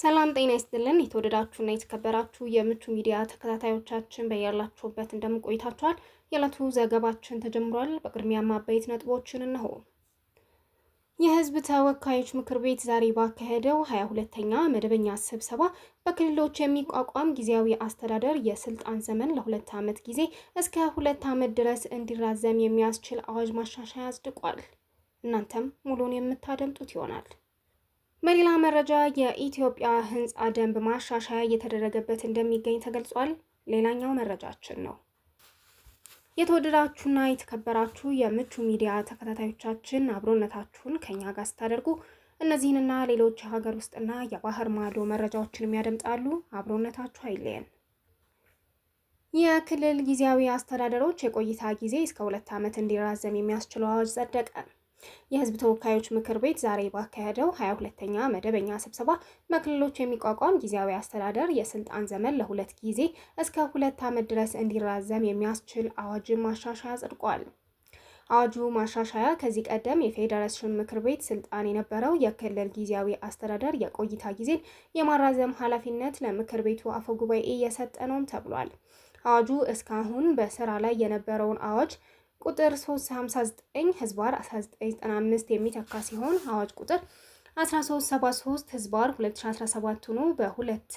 ሰላም ጤና ይስጥልን። የተወደዳችሁና የተከበራችሁ የምቹ ሚዲያ ተከታታዮቻችን በያላችሁበት እንደምን ቆይታችኋል? የዕለቱ ዘገባችን ተጀምሯል። በቅድሚያ አበይት ነጥቦችን እነሆ። የህዝብ ተወካዮች ምክር ቤት ዛሬ ባካሄደው ሀያ ሁለተኛ መደበኛ ስብሰባ በክልሎች የሚቋቋም ጊዜያዊ አስተዳደር የስልጣን ዘመን ለሁለት ዓመት ጊዜ እስከ ሁለት ዓመት ድረስ እንዲራዘም የሚያስችል አዋጅ ማሻሻያ አጽድቋል። እናንተም ሙሉን የምታደምጡት ይሆናል። በሌላ መረጃ የኢትዮጵያ ህንፃ ደንብ ማሻሻያ እየተደረገበት እንደሚገኝ ተገልጿል። ሌላኛው መረጃችን ነው። የተወደዳችሁና የተከበራችሁ የምቹ ሚዲያ ተከታታዮቻችን አብሮነታችሁን ከኛ ጋር ስታደርጉ እነዚህንና ሌሎች የሀገር ውስጥና የባህር ማዶ መረጃዎችንም ያደምጣሉ። አብሮነታችሁ አይለየን። የክልል ጊዜያዊ አስተዳደሮች የቆይታ ጊዜ እስከ ሁለት ዓመት እንዲራዘም የሚያስችለው አዋጅ ጸደቀ። የህዝብ ተወካዮች ምክር ቤት ዛሬ ባካሄደው 22ተኛ መደበኛ ስብሰባ በክልሎች የሚቋቋም ጊዜያዊ አስተዳደር የስልጣን ዘመን ለሁለት ጊዜ እስከ ሁለት ዓመት ድረስ እንዲራዘም የሚያስችል አዋጅ ማሻሻያ ጽድቋል። አዋጁ ማሻሻያ ከዚህ ቀደም የፌዴሬሽን ምክር ቤት ስልጣን የነበረው የክልል ጊዜያዊ አስተዳደር የቆይታ ጊዜን የማራዘም ኃላፊነት ለምክር ቤቱ አፈ ጉባኤ እየሰጠ ነውም ተብሏል። አዋጁ እስካሁን በስራ ላይ የነበረውን አዋጅ ቁጥር 359 ህዝባር 1995 የሚተካ ሲሆን አዋጅ ቁጥር 1373 ህዝባር 2017 ሆኖ በሁለት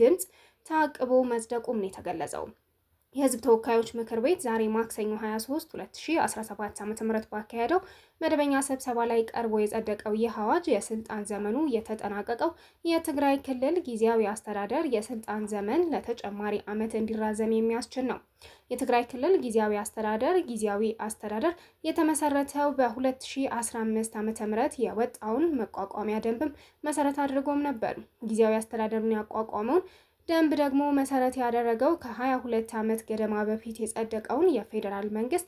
ድምፅ ተአቅቦ መጽደቁም ነው የተገለጸው። የህዝብ ተወካዮች ምክር ቤት ዛሬ ማክሰኞ 23 2017 ዓ.ም ባካሄደው መደበኛ ስብሰባ ላይ ቀርቦ የጸደቀው ይህ አዋጅ የስልጣን ዘመኑ የተጠናቀቀው የትግራይ ክልል ጊዜያዊ አስተዳደር የስልጣን ዘመን ለተጨማሪ ዓመት እንዲራዘም የሚያስችል ነው። የትግራይ ክልል ጊዜያዊ አስተዳደር ጊዜያዊ አስተዳደር የተመሰረተው በ2015 ዓ.ም የወጣውን መቋቋሚያ ደንብም መሰረት አድርጎም ነበር። ጊዜያዊ አስተዳደሩን ያቋቋመውን ደንብ ደግሞ መሰረት ያደረገው ከ22 ዓመት ገደማ በፊት የጸደቀውን የፌዴራል መንግስት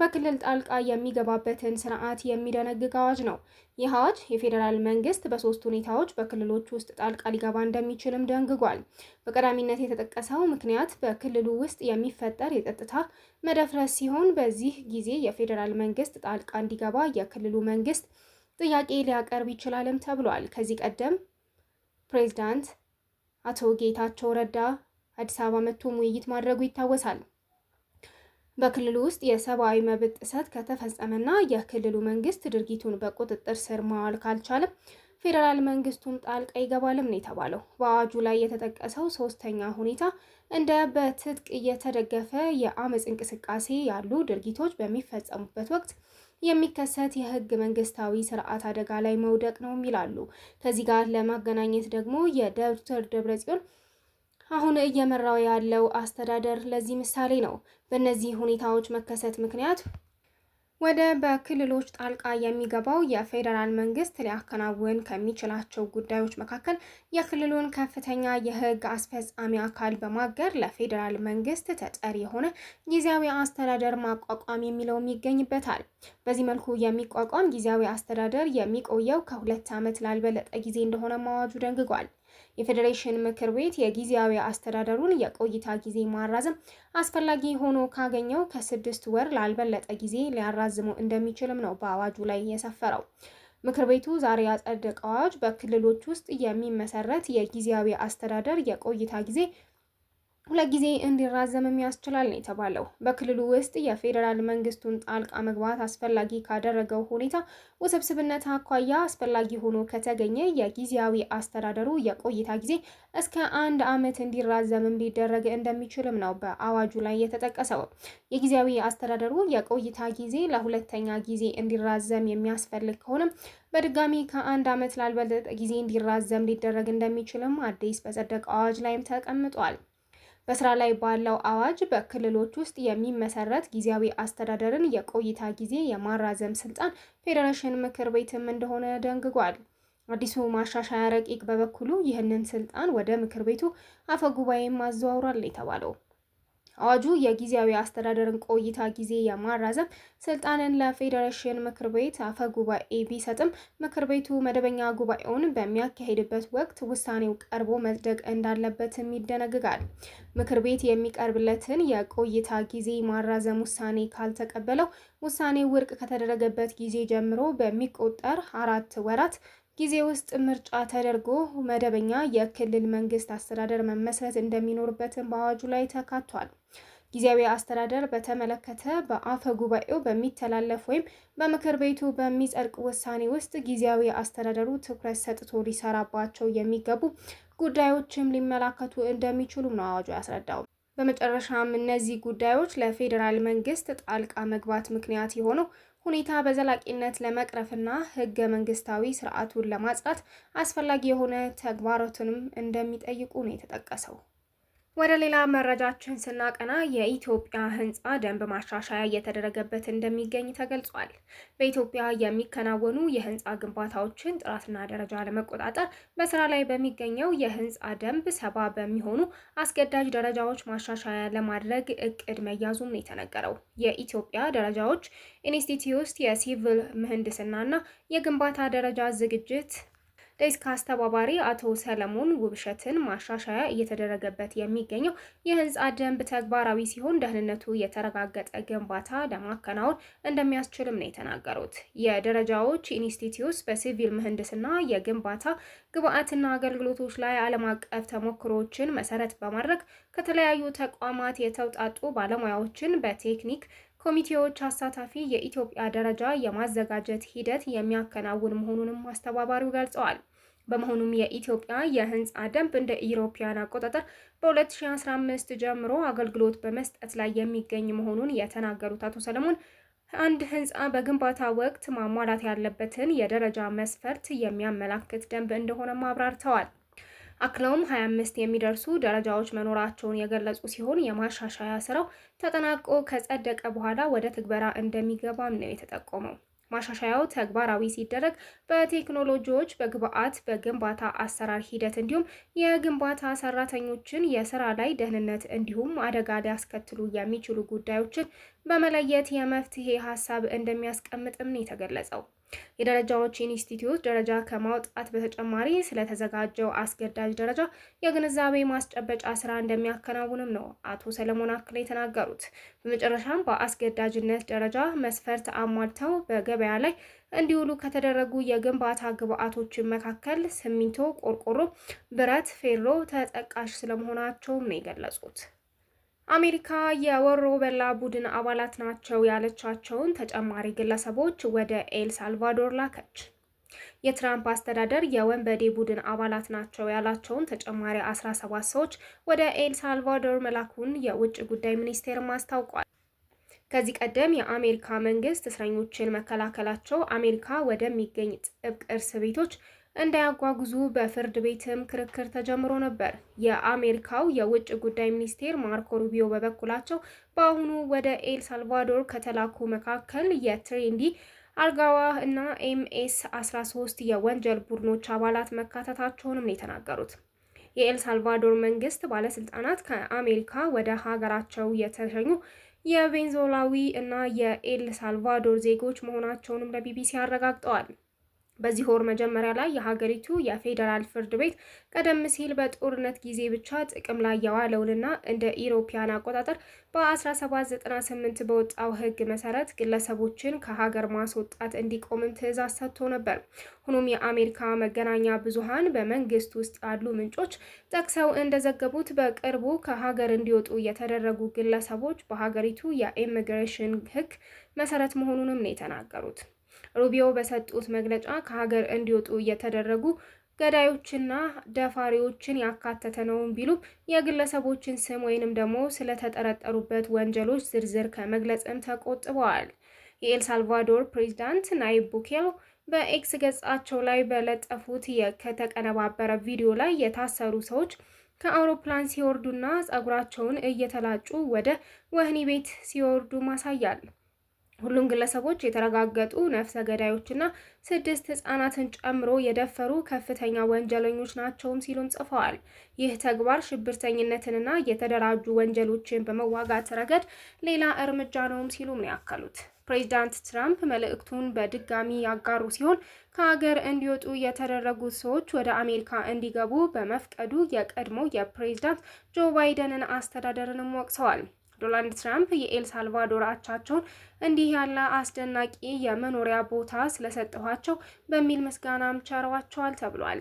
በክልል ጣልቃ የሚገባበትን ስርዓት የሚደነግግ አዋጅ ነው። ይህ አዋጅ የፌዴራል መንግስት በሶስት ሁኔታዎች በክልሎች ውስጥ ጣልቃ ሊገባ እንደሚችልም ደንግጓል። በቀዳሚነት የተጠቀሰው ምክንያት በክልሉ ውስጥ የሚፈጠር የጸጥታ መደፍረስ ሲሆን፣ በዚህ ጊዜ የፌዴራል መንግስት ጣልቃ እንዲገባ የክልሉ መንግስት ጥያቄ ሊያቀርብ ይችላልም ተብሏል። ከዚህ ቀደም ፕሬዚዳንት አቶ ጌታቸው ረዳ አዲስ አበባ መጥቶ ውይይት ማድረጉ ይታወሳል። በክልሉ ውስጥ የሰብአዊ መብት ጥሰት ከተፈጸመና የክልሉ መንግስት ድርጊቱን በቁጥጥር ስር ማዋል ካልቻለም ፌዴራል መንግስቱም ጣልቃ ይገባልም ነው የተባለው። በአዋጁ ላይ የተጠቀሰው ሶስተኛ ሁኔታ እንደ በትጥቅ እየተደገፈ የአመፅ እንቅስቃሴ ያሉ ድርጊቶች በሚፈጸሙበት ወቅት የሚከሰት የህግ መንግስታዊ ስርዓት አደጋ ላይ መውደቅ ነው ይላሉ። ከዚህ ጋር ለማገናኘት ደግሞ የዶክተር ደብረጽዮን አሁን እየመራው ያለው አስተዳደር ለዚህ ምሳሌ ነው። በእነዚህ ሁኔታዎች መከሰት ምክንያት ወደ በክልሎች ጣልቃ የሚገባው የፌዴራል መንግስት ሊያከናውን ከሚችላቸው ጉዳዮች መካከል የክልሉን ከፍተኛ የህግ አስፈጻሚ አካል በማገር ለፌዴራል መንግስት ተጠሪ የሆነ ጊዜያዊ አስተዳደር ማቋቋም የሚለውም ይገኝበታል። በዚህ መልኩ የሚቋቋም ጊዜያዊ አስተዳደር የሚቆየው ከሁለት ዓመት ላልበለጠ ጊዜ እንደሆነ አዋጁ ደንግጓል። የፌዴሬሽን ምክር ቤት የጊዜያዊ አስተዳደሩን የቆይታ ጊዜ ማራዘም አስፈላጊ ሆኖ ካገኘው ከስድስት ወር ላልበለጠ ጊዜ ሊያራዝሙ እንደሚችልም ነው በአዋጁ ላይ የሰፈረው። ምክር ቤቱ ዛሬ ያጸደቀው አዋጅ በክልሎች ውስጥ የሚመሰረት የጊዜያዊ አስተዳደር የቆይታ ጊዜ ሁለት ጊዜ እንዲራዘምም ያስችላል ነው የተባለው። በክልሉ ውስጥ የፌዴራል መንግስቱን ጣልቃ መግባት አስፈላጊ ካደረገው ሁኔታ ውስብስብነት አኳያ አስፈላጊ ሆኖ ከተገኘ የጊዜያዊ አስተዳደሩ የቆይታ ጊዜ እስከ አንድ ዓመት እንዲራዘምም ሊደረግ እንደሚችልም ነው በአዋጁ ላይ የተጠቀሰው። የጊዜያዊ አስተዳደሩ የቆይታ ጊዜ ለሁለተኛ ጊዜ እንዲራዘም የሚያስፈልግ ከሆነም በድጋሚ ከአንድ ዓመት ላልበለጠ ጊዜ እንዲራዘም ሊደረግ እንደሚችልም አዲስ በጸደቀ አዋጅ ላይም ተቀምጧል። በስራ ላይ ባለው አዋጅ በክልሎች ውስጥ የሚመሰረት ጊዜያዊ አስተዳደርን የቆይታ ጊዜ የማራዘም ስልጣን ፌዴሬሽን ምክር ቤትም እንደሆነ ደንግጓል። አዲሱ ማሻሻያ ረቂቅ በበኩሉ ይህንን ስልጣን ወደ ምክር ቤቱ አፈጉባኤም አዘዋውሯል የተባለው አዋጁ የጊዜያዊ አስተዳደርን ቆይታ ጊዜ የማራዘም ስልጣንን ለፌዴሬሽን ምክር ቤት አፈ ጉባኤ ቢሰጥም ምክር ቤቱ መደበኛ ጉባኤውን በሚያካሄድበት ወቅት ውሳኔው ቀርቦ መጽደቅ እንዳለበትም ይደነግጋል። ምክር ቤት የሚቀርብለትን የቆይታ ጊዜ ማራዘም ውሳኔ ካልተቀበለው ውሳኔ ውድቅ ከተደረገበት ጊዜ ጀምሮ በሚቆጠር አራት ወራት ጊዜ ውስጥ ምርጫ ተደርጎ መደበኛ የክልል መንግስት አስተዳደር መመስረት እንደሚኖርበትም በአዋጁ ላይ ተካቷል። ጊዜያዊ አስተዳደር በተመለከተ በአፈ ጉባኤው በሚተላለፍ ወይም በምክር ቤቱ በሚጸድቅ ውሳኔ ውስጥ ጊዜያዊ አስተዳደሩ ትኩረት ሰጥቶ ሊሰራባቸው የሚገቡ ጉዳዮችም ሊመላከቱ እንደሚችሉም ነው አዋጁ ያስረዳው። በመጨረሻም እነዚህ ጉዳዮች ለፌዴራል መንግስት ጣልቃ መግባት ምክንያት የሆነው ሁኔታ በዘላቂነት ለመቅረፍና ህገ መንግስታዊ ስርዓቱን ለማጽናት አስፈላጊ የሆነ ተግባራትንም እንደሚጠይቁ ነው የተጠቀሰው። ወደ ሌላ መረጃችን ስናቀና የኢትዮጵያ ህንፃ ደንብ ማሻሻያ እየተደረገበት እንደሚገኝ ተገልጿል። በኢትዮጵያ የሚከናወኑ የህንፃ ግንባታዎችን ጥራትና ደረጃ ለመቆጣጠር በስራ ላይ በሚገኘው የህንፃ ደንብ ሰባ በሚሆኑ አስገዳጅ ደረጃዎች ማሻሻያ ለማድረግ እቅድ መያዙም ነው የተነገረው። የኢትዮጵያ ደረጃዎች ኢንስቲትዩት የሲቪል ምህንድስናና የግንባታ ደረጃ ዝግጅት ዴስክ አስተባባሪ አቶ ሰለሞን ውብሸትን ማሻሻያ እየተደረገበት የሚገኘው የህንፃ ደንብ ተግባራዊ ሲሆን ደህንነቱ የተረጋገጠ ግንባታ ለማከናወን እንደሚያስችልም ነው የተናገሩት። የደረጃዎች ኢንስቲትዩት በሲቪል ምህንድስና የግንባታ ግብአትና አገልግሎቶች ላይ ዓለም አቀፍ ተሞክሮዎችን መሰረት በማድረግ ከተለያዩ ተቋማት የተውጣጡ ባለሙያዎችን በቴክኒክ ኮሚቴዎች አሳታፊ የኢትዮጵያ ደረጃ የማዘጋጀት ሂደት የሚያከናውን መሆኑንም አስተባባሪው ገልጸዋል። በመሆኑም የኢትዮጵያ የህንፃ ደንብ እንደ ኢሮፓያን አቆጣጠር በ2015 ጀምሮ አገልግሎት በመስጠት ላይ የሚገኝ መሆኑን የተናገሩት አቶ ሰለሞን አንድ ህንፃ በግንባታ ወቅት ማሟላት ያለበትን የደረጃ መስፈርት የሚያመላክት ደንብ እንደሆነም አብራርተዋል። አክለውም 25 የሚደርሱ ደረጃዎች መኖራቸውን የገለጹ ሲሆን የማሻሻያ ስራው ተጠናቆ ከጸደቀ በኋላ ወደ ትግበራ እንደሚገባም ነው የተጠቆመው። ማሻሻያው ተግባራዊ ሲደረግ በቴክኖሎጂዎች፣ በግብአት፣ በግንባታ አሰራር ሂደት እንዲሁም የግንባታ ሰራተኞችን የስራ ላይ ደህንነት እንዲሁም አደጋ ሊያስከትሉ የሚችሉ ጉዳዮችን በመለየት የመፍትሄ ሀሳብ እንደሚያስቀምጥም ነው የተገለጸው። የደረጃዎች ኢንስቲትዩት ደረጃ ከማውጣት በተጨማሪ ስለተዘጋጀው አስገዳጅ ደረጃ የግንዛቤ ማስጨበጫ ስራ እንደሚያከናውንም ነው አቶ ሰለሞን አክለ የተናገሩት። በመጨረሻም በአስገዳጅነት ደረጃ መስፈርት አሟልተው በገበያ ላይ እንዲውሉ ከተደረጉ የግንባታ ግብዓቶችን መካከል ሲሚንቶ፣ ቆርቆሮ፣ ብረት፣ ፌሮ ተጠቃሽ ስለመሆናቸውም ነው የገለጹት። አሜሪካ የወሮ በላ ቡድን አባላት ናቸው ያለቻቸውን ተጨማሪ ግለሰቦች ወደ ኤል ሳልቫዶር ላከች። የትራምፕ አስተዳደር የወንበዴ ቡድን አባላት ናቸው ያላቸውን ተጨማሪ 17 ሰዎች ወደ ኤል ሳልቫዶር መላኩን የውጭ ጉዳይ ሚኒስቴርም አስታውቋል። ከዚህ ቀደም የአሜሪካ መንግስት እስረኞችን መከላከላቸው አሜሪካ ወደሚገኝ ጥብቅ እስር ቤቶች እንዳያጓጉዙ በፍርድ ቤትም ክርክር ተጀምሮ ነበር። የአሜሪካው የውጭ ጉዳይ ሚኒስቴር ማርኮ ሩቢዮ በበኩላቸው በአሁኑ ወደ ኤል ሳልቫዶር ከተላኩ መካከል የትሬንዲ አርጋዋ እና ኤምኤስ 13 የወንጀል ቡድኖች አባላት መካተታቸውንም ነው የተናገሩት። የኤል ሳልቫዶር መንግስት ባለስልጣናት ከአሜሪካ ወደ ሀገራቸው የተሸኙ የቬንዞላዊ እና የኤል ሳልቫዶር ዜጎች መሆናቸውንም ለቢቢሲ አረጋግጠዋል። በዚህ ወር መጀመሪያ ላይ የሀገሪቱ የፌዴራል ፍርድ ቤት ቀደም ሲል በጦርነት ጊዜ ብቻ ጥቅም ላይ የዋለውንና እንደ ኢሮፒያን አቆጣጠር በ1798 በወጣው ሕግ መሰረት ግለሰቦችን ከሀገር ማስወጣት እንዲቆምም ትዕዛዝ ሰጥቶ ነበር። ሆኖም የአሜሪካ መገናኛ ብዙሃን በመንግስት ውስጥ ያሉ ምንጮች ጠቅሰው እንደዘገቡት በቅርቡ ከሀገር እንዲወጡ የተደረጉ ግለሰቦች በሀገሪቱ የኢሚግሬሽን ሕግ መሰረት መሆኑንም ነው የተናገሩት። ሩቢዮ በሰጡት መግለጫ ከሀገር እንዲወጡ እየተደረጉ ገዳዮችና ደፋሪዎችን ያካተተ ነውም ቢሉም የግለሰቦችን ስም ወይንም ደግሞ ስለተጠረጠሩበት ወንጀሎች ዝርዝር ከመግለጽም ተቆጥበዋል። የኤልሳልቫዶር ፕሬዚዳንት ናይብ ቡኬሎ በኤክስ ገጻቸው ላይ በለጠፉት ከተቀነባበረ ቪዲዮ ላይ የታሰሩ ሰዎች ከአውሮፕላን ሲወርዱና ጸጉራቸውን እየተላጩ ወደ ወህኒ ቤት ሲወርዱ ማሳያል። ሁሉም ግለሰቦች የተረጋገጡ ነፍሰ ገዳዮችና ስድስት ህጻናትን ጨምሮ የደፈሩ ከፍተኛ ወንጀለኞች ናቸውም ሲሉም ጽፈዋል። ይህ ተግባር ሽብርተኝነትንና የተደራጁ ወንጀሎችን በመዋጋት ረገድ ሌላ እርምጃ ነውም ሲሉም ነው ያከሉት። ፕሬዚዳንት ትራምፕ መልእክቱን በድጋሚ ያጋሩ ሲሆን ከሀገር እንዲወጡ የተደረጉት ሰዎች ወደ አሜሪካ እንዲገቡ በመፍቀዱ የቀድሞ የፕሬዚዳንት ጆ ባይደንን አስተዳደርንም ወቅሰዋል። ዶናልድ ትራምፕ የኤል ሳልቫዶር አቻቸውን እንዲህ ያለ አስደናቂ የመኖሪያ ቦታ ስለሰጠኋቸው በሚል ምስጋናም ቸረዋቸዋል ተብሏል።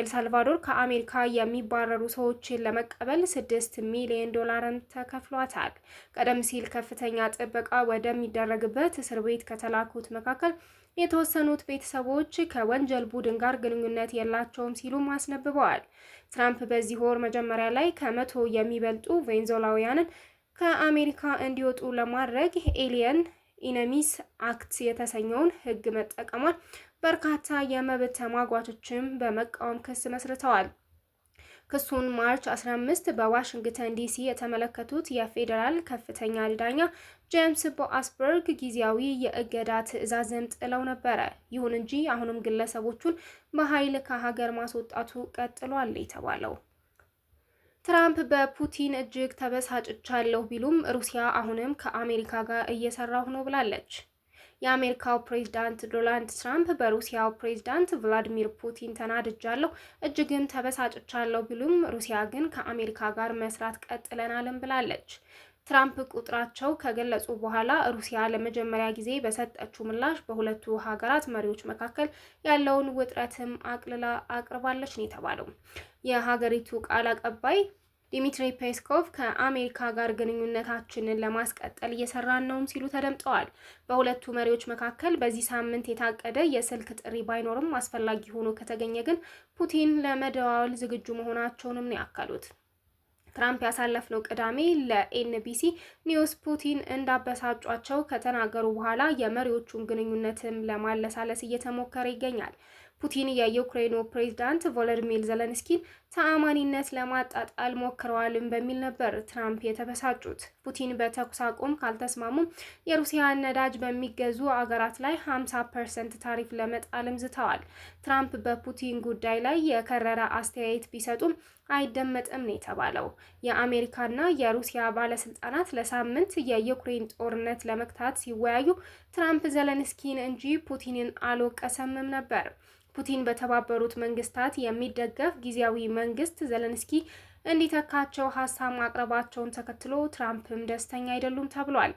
ኤልሳልቫዶር ከአሜሪካ የሚባረሩ ሰዎችን ለመቀበል ስድስት ሚሊዮን ዶላርን ተከፍሏታል። ቀደም ሲል ከፍተኛ ጥበቃ ወደሚደረግበት እስር ቤት ከተላኩት መካከል የተወሰኑት ቤተሰቦች ከወንጀል ቡድን ጋር ግንኙነት የላቸውም ሲሉ አስነብበዋል። ትራምፕ በዚህ ወር መጀመሪያ ላይ ከመቶ የሚበልጡ ቬንዙዌላውያንን ከአሜሪካ እንዲወጡ ለማድረግ ኤሊየን ኢነሚስ አክት የተሰኘውን ሕግ መጠቀሟን በርካታ የመብት ተሟጋቾችም በመቃወም ክስ መስርተዋል። ክሱን ማርች 15 በዋሽንግተን ዲሲ የተመለከቱት የፌዴራል ከፍተኛ ዳኛ ጄምስ ቦአስበርግ ጊዜያዊ የእገዳ ትዕዛዝን ጥለው ነበረ። ይሁን እንጂ አሁንም ግለሰቦቹን በኃይል ከሀገር ማስወጣቱ ቀጥሏል የተባለው ትራምፕ በፑቲን እጅግ ተበሳጭቻለሁ ቢሉም ሩሲያ አሁንም ከአሜሪካ ጋር እየሰራሁ ነው ብላለች። የአሜሪካው ፕሬዝዳንት ዶናልድ ትራምፕ በሩሲያው ፕሬዝዳንት ቭላዲሚር ፑቲን ተናድጃለሁ፣ እጅግም ተበሳጭቻለሁ ቢሉም ሩሲያ ግን ከአሜሪካ ጋር መስራት ቀጥለናልም ብላለች። ትራምፕ ቁጥራቸው ከገለጹ በኋላ ሩሲያ ለመጀመሪያ ጊዜ በሰጠችው ምላሽ በሁለቱ ሀገራት መሪዎች መካከል ያለውን ውጥረትም አቅልላ አቅርባለች ነው የተባለው። የሀገሪቱ ቃል አቀባይ ዲሚትሪ ፔስኮቭ ከአሜሪካ ጋር ግንኙነታችንን ለማስቀጠል እየሰራን ነውም ሲሉ ተደምጠዋል። በሁለቱ መሪዎች መካከል በዚህ ሳምንት የታቀደ የስልክ ጥሪ ባይኖርም አስፈላጊ ሆኖ ከተገኘ ግን ፑቲን ለመደዋወል ዝግጁ መሆናቸውንም ነው ያካሉት። ትራምፕ ያሳለፍነው ቅዳሜ ለኤንቢሲ ኒውስ ፑቲን እንዳበሳጯቸው ከተናገሩ በኋላ የመሪዎቹን ግንኙነትም ለማለሳለስ እየተሞከረ ይገኛል። ፑቲን የዩክሬኑ ፕሬዚዳንት ቮሎዲሚር ዘለንስኪን ተአማኒነት ለማጣጣል ሞክረዋልን በሚል ነበር ትራምፕ የተበሳጩት። ፑቲን በተኩስ አቁም ካልተስማሙም የሩሲያ ነዳጅ በሚገዙ አገራት ላይ 50 ፐርሰንት ታሪፍ ለመጣልም ዝተዋል። ትራምፕ በፑቲን ጉዳይ ላይ የከረረ አስተያየት ቢሰጡም አይደመጥም ነው የተባለው። የአሜሪካና የሩሲያ ባለስልጣናት ለሳምንት የዩክሬን ጦርነት ለመግታት ሲወያዩ ትራምፕ ዘለንስኪን እንጂ ፑቲንን አልወቀሰምም ነበር። ፑቲን በተባበሩት መንግስታት የሚደገፍ ጊዜያዊ መንግስት ዘለንስኪ እንዲተካቸው ሀሳብ ማቅረባቸውን ተከትሎ ትራምፕም ደስተኛ አይደሉም ተብሏል።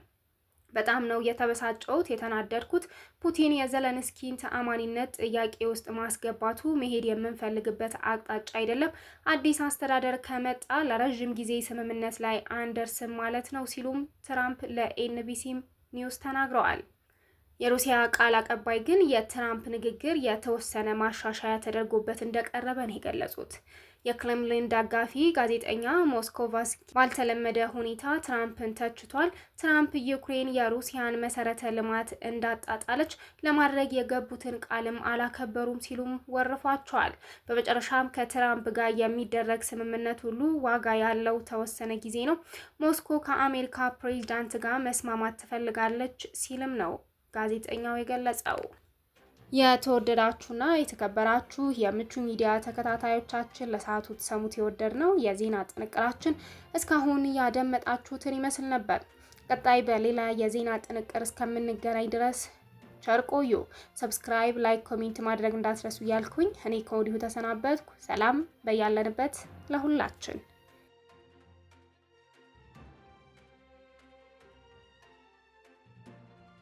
በጣም ነው የተበሳጨሁት፣ የተናደድኩት ፑቲን የዘለንስኪን ተአማኒነት ጥያቄ ውስጥ ማስገባቱ መሄድ የምንፈልግበት አቅጣጫ አይደለም። አዲስ አስተዳደር ከመጣ ለረዥም ጊዜ ስምምነት ላይ አንደርስም ማለት ነው ሲሉም ትራምፕ ለኤንቢሲ ኒውስ ተናግረዋል። የሩሲያ ቃል አቀባይ ግን የትራምፕ ንግግር የተወሰነ ማሻሻያ ተደርጎበት እንደቀረበ ነው የገለጹት። የክሬምሊን ደጋፊ ጋዜጠኛ ሞስኮቫስ ባልተለመደ ሁኔታ ትራምፕን ተችቷል። ትራምፕ ዩክሬን የሩሲያን መሰረተ ልማት እንዳጣጣለች ለማድረግ የገቡትን ቃልም አላከበሩም ሲሉም ወርፏቸዋል። በመጨረሻም ከትራምፕ ጋር የሚደረግ ስምምነት ሁሉ ዋጋ ያለው ተወሰነ ጊዜ ነው፣ ሞስኮ ከአሜሪካ ፕሬዚዳንት ጋር መስማማት ትፈልጋለች ሲልም ነው ጋዜጠኛው የገለጸው። የተወደዳችሁና የተከበራችሁ የምቹ ሚዲያ ተከታታዮቻችን ለሰዓቱ ተሰሙት የወደድ ነው የዜና ጥንቅራችን እስካሁን ያደመጣችሁትን ይመስል ነበር። ቀጣይ በሌላ የዜና ጥንቅር እስከምንገናኝ ድረስ ቸር ቆዩ። ሰብስክራይብ፣ ላይክ፣ ኮሜንት ማድረግ እንዳትረሱ እያልኩኝ እኔ ከወዲሁ ተሰናበትኩ። ሰላም በያለንበት ለሁላችን።